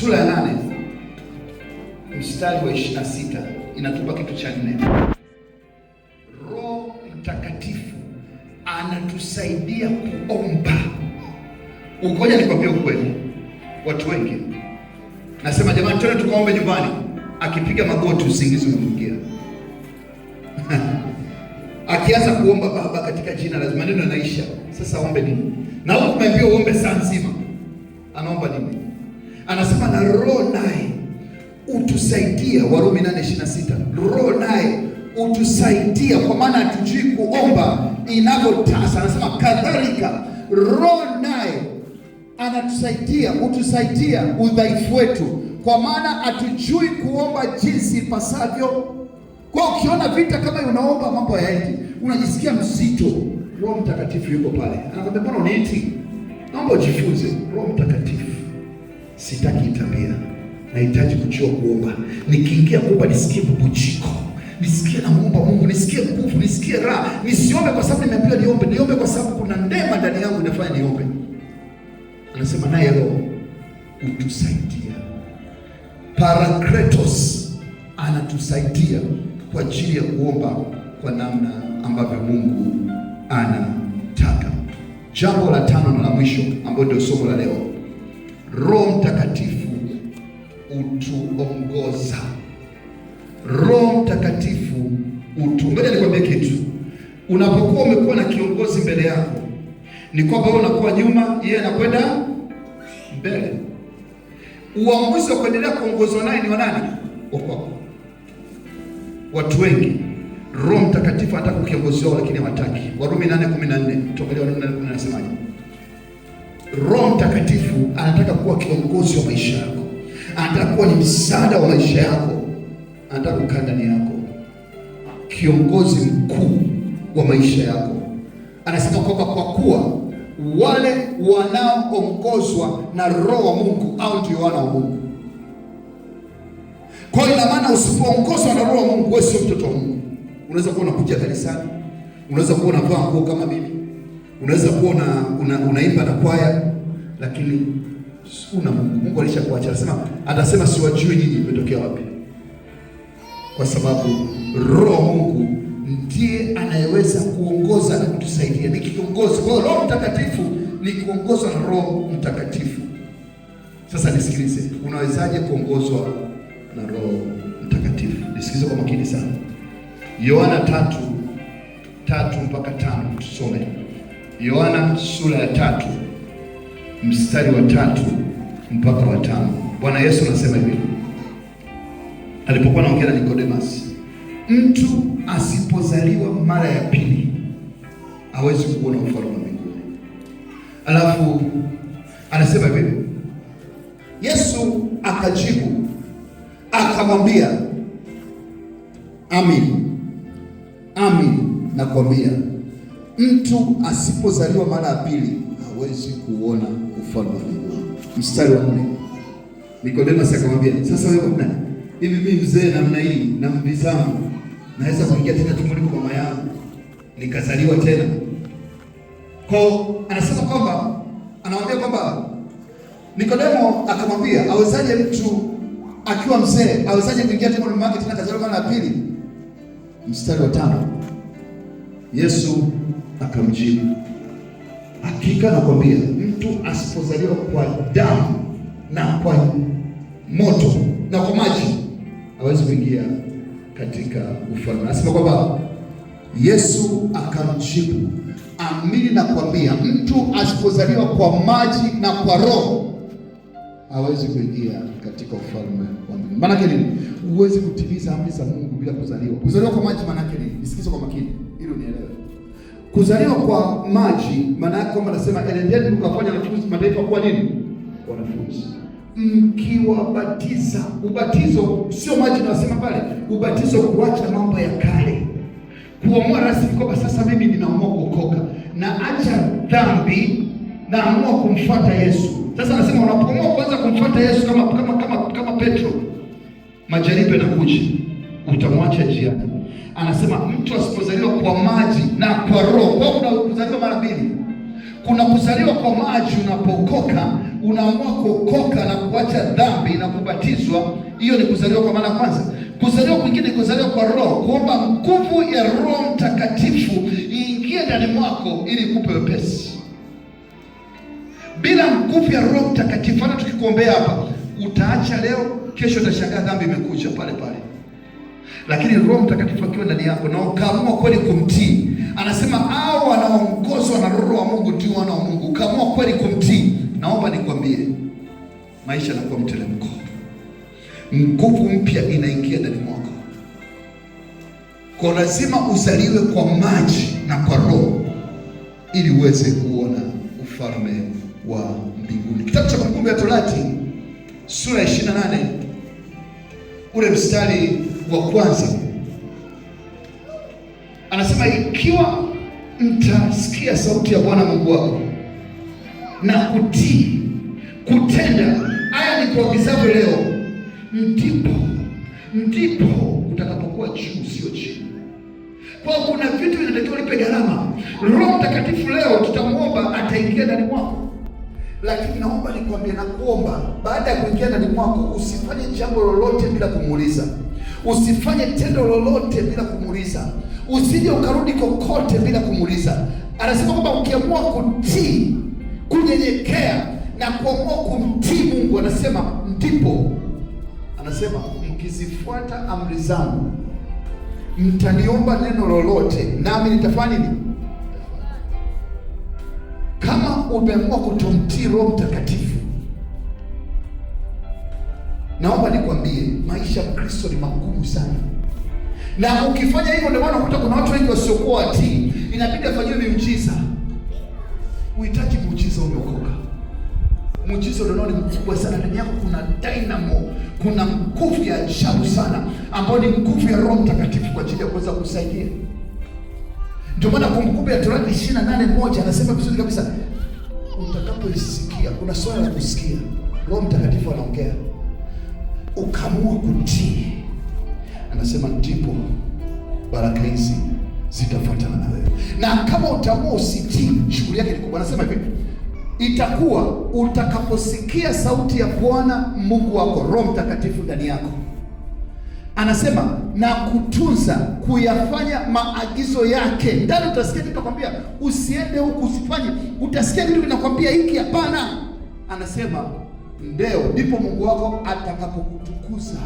sura ya nane mstari wa ishirini na sita inatupa kitu cha nne. Roho Mtakatifu anatusaidia kuomba. Ukoja nikwambie ukweli, watu wengi nasema jamani, twende tukaombe nyumbani, akipiga magoti usingizi unamwingia akianza kuomba Baba katika jina, lazima neno naisha. Sasa ombe nini? Na wewe umeambiwa uombe saa nzima, anaomba nini? anasema na roho naye utusaidia, Warumi 8:26. Roho naye utusaidia, kwa maana hatujui kuomba inavyotasa. Anasema kadhalika roho naye anatusaidia, utusaidia udhaifu wetu, kwa maana hatujui kuomba jinsi ipasavyo. Kwa ukiona vita kama unaomba mambo yaendi, unajisikia mzito, Roho Mtakatifu yuko pale, anakwambia mbona uniti? naomba ujifunze. Roho Mtakatifu Sitaki tabia, nahitaji kujua kuomba. Nikiingia kuomba nisikie bubujiko, nisikie na Mungu, nisikie nguvu, nisikie raha. Nisiombe kwa sababu nimeambiwa niombe, niombe kwa sababu kuna ndema ndani yangu inafanya niombe. Anasema naye Roho utusaidia, Parakletos anatusaidia kwa ajili ya kuomba kwa namna ambavyo Mungu anataka. Jambo la tano na la mwisho ambayo ndio somo la leo Roho Mtakatifu utuongoza, Roho Mtakatifu utu. Ngoja nikwambie kitu, unapokuwa umekuwa na kiongozi mbele yako, ni kwamba wewe unakuwa nyuma, yeye anakwenda mbele. Uamuzi wa kuendelea kuongozwa naye ni wa nani? Wako watu wengi Roho Mtakatifu anataka ukiongozi wao, lakini hawataki. Warumi 8:14 tuangalie Warumi 8:14 nasemaje? Roho Mtakatifu anataka kuwa kiongozi wa maisha yako, anataka kuwa ni msaada wa maisha yako, anataka kukaa ndani yako, kiongozi mkuu wa maisha yako. Anasema kwamba kwa kuwa wale wanaoongozwa na Roho wa Mungu au ndio wana wa Mungu. Kwa hiyo ina maana usipoongozwa na Roho wa Mungu, wewe sio mtoto wa Mungu. Unaweza kuwa unakuja kanisani, unaweza kuwa unavaa nguo kama mimi Unaweza kuwa una, unaimba na kwaya lakini una Mungu. Mungu alishakuacha. Anasema atasema siwajui nyinyi mmetokea wapi, kwa sababu roho Mungu ndiye anayeweza kuongoza na kutusaidia, ni kiongozi. Kwa Roho Mtakatifu ni kuongozwa na Roho Mtakatifu. Sasa nisikilize, unawezaje kuongozwa na Roho Mtakatifu? Nisikilize kwa makini sana, Yohana tatu tatu mpaka tano tusome. Yohana sura ya tatu mstari wa tatu mpaka wa tano. Bwana Yesu anasema hivi alipokuwa anaongea na Nikodemas, mtu asipozaliwa mara ya pili hawezi kuona ufalme wa mbinguni. Alafu anasema hivi, Yesu akajibu akamwambia, amin amin, nakwambia Mtu asipozaliwa mara ya pili hawezi kuona ufalme wa Mungu. Mstari wa nne, Nikodemo akamwambia, sasa wewe bwana, hivi mimi mzee namna hii na mvi zangu naweza kuingia tena tumboni kwa mama yangu nikazaliwa tena? Kwa anasema kwamba anamwambia kwamba Nikodemo akamwambia, awezaje mtu akiwa mzee, awezaje kuingia tena tumboni mwake tena kazaliwa mara ya pili? Mstari wa tano, Yesu Akamjibu, hakika nakwambia, mtu asipozaliwa kwa damu na kwa moto na kwa maji hawezi kuingia katika ufalme. Anasema kwamba Yesu akamjibu, amini nakwambia, mtu asipozaliwa kwa maji na kwa roho hawezi kuingia katika ufalme wa Mungu. Maana yake nini? Huwezi kutimiza amri za Mungu bila kuzaliwa. Kuzaliwa kwa maji maana yake nini? Nisikize kwa makini ili unielewe. Kuzaliwa kwa maji maana yake kwamba anasema enendeni mkafanya wanafunzi mataifa kuwa nini? Wanafunzi mkiwabatiza. Ubatizo sio maji, tunasema pale ubatizo kuacha mambo ya kale, kuamua rasmi kwamba sasa mimi ninaamua kuokoka na acha dhambi, naamua kumfuata Yesu. Sasa anasema unapoamua kwanza kumfuata Yesu kama kama kama kama Petro, majaribu yanakuja, utamwacha njiani anasema mtu asipozaliwa kwa maji na kwa roho, kwa kuzaliwa mara mbili. Kuna kuzaliwa kwa maji, unapookoka unaamua kuokoka na kuacha dhambi na kubatizwa, hiyo ni kuzaliwa kwa mara kwanza. Kuzaliwa kwingine, kuzaliwa kwa roho, kuomba nguvu ya Roho Mtakatifu iingie ndani mwako ili kupe wepesi. Bila nguvu ya Roho Mtakatifu, hata tukikuombea hapa, utaacha leo, kesho utashangaa dhambi imekuja pale pale lakini Roho Mtakatifu akiwa ndani yako na ukaamua kweli kumtii, anasema hao wanaongozwa na Roho wa Mungu ndio wana wa Mungu. Ukaamua kweli kumtii, naomba nikwambie, maisha yanakuwa mtelemko, nguvu mpya inaingia ndani mwako. Kwa lazima uzaliwe kwa maji na kwa Roho ili uweze kuona ufalme wa mbinguni. Kitabu cha Kumbukumbu ya Torati sura ya 28 ule mstari wa kwanza anasema, ikiwa mtasikia sauti ya Bwana Mungu wako na kutii kutenda haya nikuagizavyo leo, ndipo ndipo utakapokuwa juu, sio chini. Kwa kuna vitu vinatakiwa lipe gharama. Roho Mtakatifu leo tutamwomba, ataingia ndani mwako lakini naomba nikwambie, nakuomba baada ya kuingia ndani mwako usifanye jambo lolote bila kumuuliza. Usifanye tendo lolote bila kumuuliza, usije ukarudi kokote bila kumuuliza. Anasema kwamba ukiamua kutii, kunyenyekea na kuamua kumtii Mungu, anasema ndipo, anasema mkizifuata amri zangu mtaniomba neno lolote, nami nitafanya nini? Kama umeamua kutomtii Roho Mtakatifu Naomba nikwambie maisha ya Kristo ni magumu sana, na ukifanya hivyo, ndio maana unakuta kuna watu wengi wasiokuwa watii, inabidi afanyiwe miujiza. Uhitaji muujiza, umeokoka. Muujiza ulionao ni mkubwa sana, ndani yako kuna dynamo, kuna nguvu ya ajabu sana, ambayo ni nguvu ya Roho Mtakatifu kwa ajili ya kuweza kusaidia. Ndio maana Kumbukumbu ya Torati ishirini na nane moja anasema vizuri kabisa, utakapoisikia kuna swala la kusikia, Roho Mtakatifu anaongea ukaamua kutii, anasema ndipo baraka hizi zitafuatana na wewe, na kama utaamua usitii, shughuli yake ni kubwa. Anasema hivi itakuwa utakaposikia sauti ya Bwana Mungu wako, Roho Mtakatifu ndani yako, anasema na kutunza kuyafanya maagizo yake. Ndani utasikia kitu nakwambia, usiende huku, usifanye. Utasikia kitu kinakwambia hiki, hapana. Anasema ndio ndipo Mungu wako atakapokutukuza.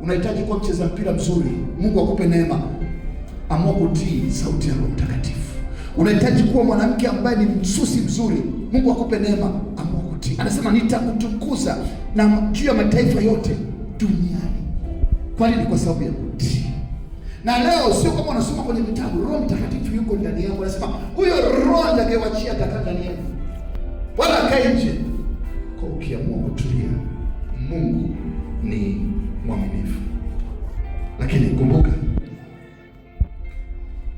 Unahitaji kuwa mcheza mpira mzuri, Mungu akupe neema. Amua kutii sauti ya Roho Mtakatifu. Unahitaji kuwa mwanamke ambaye ni msusi mzuri, Mungu akupe neema. Amua kutii, anasema nitakutukuza na juu ya mataifa yote duniani. Kwa nini? Kwa sababu ya kutii. Na leo sio kama unasoma kwenye vitabu, Roho Mtakatifu yuko ndani yako, anasema huyo Roho atakayewachia atakaa ndani yenu, wala akae nje kwa ukiamua kutulia, Mungu ni mwaminifu. Lakini kumbuka,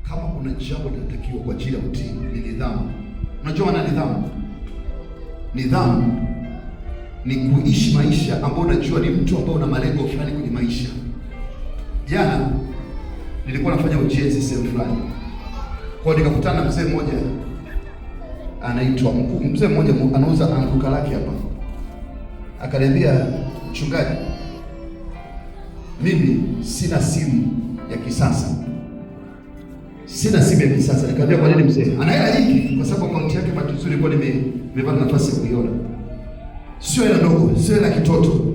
kama kuna jambo linatakiwa kwa ajili ya utii ni nidhamu. Unajua na nidhamu, nidhamu ni kuishi maisha ambao unajua ni mtu ambao una malengo fulani kwenye maisha. Jana nilikuwa nafanya ujenzi sehemu fulani, kwa nikakutana na mzee mmoja anaitwa mkuu, mzee mmoja anauza anguka lake hapa akaniambia, mchungaji, mimi sina simu ya kisasa, sina simu ya kisasa. Nikamwambia, kwa nini mzee? Ana hela nyingi, kwa sababu akaunti yake bahati nzuri ilikuwa nimepata nafasi ya kuiona, sio hela ndogo, sio hela kitoto,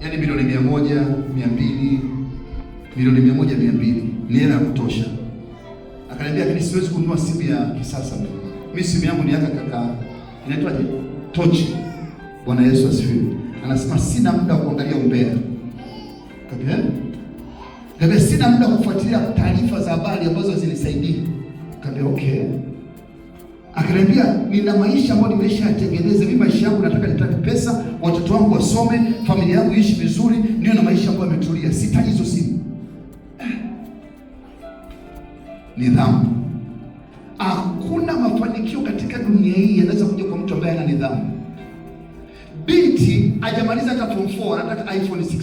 yaani milioni mia moja mia mbili milioni mia moja mia mbili ni hela ya kutosha. Akaniambia, lakini siwezi kununua simu ya kisasa mimi, simu yangu ni yaka kaka inaitwaje, tochi. Bwana Yesu asifiwe anasema sina muda wa kuangalia umbea okay. sina muda wa kufuatilia taarifa za habari ambazo zinisaidia Kaambia okay. Akaniambia nina maisha ambayo nimesha yatengeneza mimi. Maisha yangu nataka nitake pesa, watoto wangu wasome, familia yangu iishi vizuri, ndio na maisha ambayo yametulia, sita hizo simu nidhamu. Hakuna mafanikio katika dunia hii yanaweza kuja kwa mtu ambaye ana nidhamu binti hajamaliza hata form 4 anataka iPhone 16.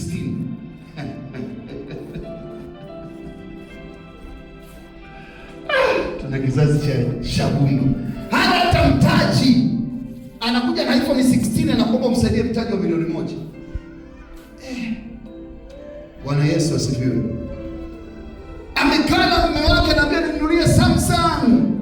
Tuna kizazi cha shabundu, hana hata mtaji, anakuja na iPhone 16 anakuomba msaidie mtaji wa milioni moja. Eh. Bwana Yesu asifiwe. Amekaa na mume wake, naambia ninunulie Samsung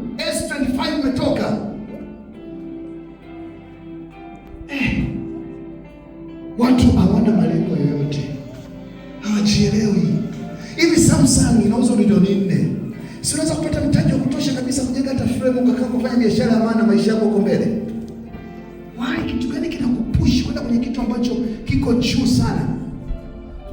biashara ya maana maisha yako huko mbele. Why, kitu gani kinakupush kwenda kwenye kitu ambacho kiko juu sana?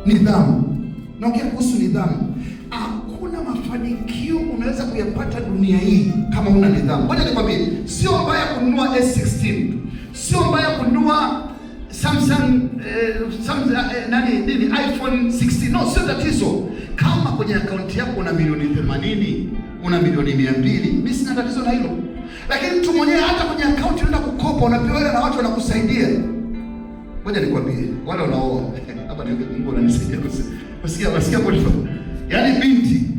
Nidhamu. Naongea kuhusu nidhamu. Hakuna mafanikio unaweza kuyapata dunia hii kama una nidhamu. Ngoja nikwambie, sio mbaya kununua S16, sio mbaya kununua Samsung, eh, Samsung eh, nani nini iPhone 16. No, sio tatizo kama kwenye akaunti yako una milioni 80, una milioni 200. Mimi sina tatizo na hilo. Lakini mtu mwenyewe hata kwenye akaunti unaenda kukopa, unapewa hela na watu wanakusaidia. Ngoja nikwambie, wale wanaoa hapa, Mungu ananisaidia kusikia, wasikia kwa Yaani binti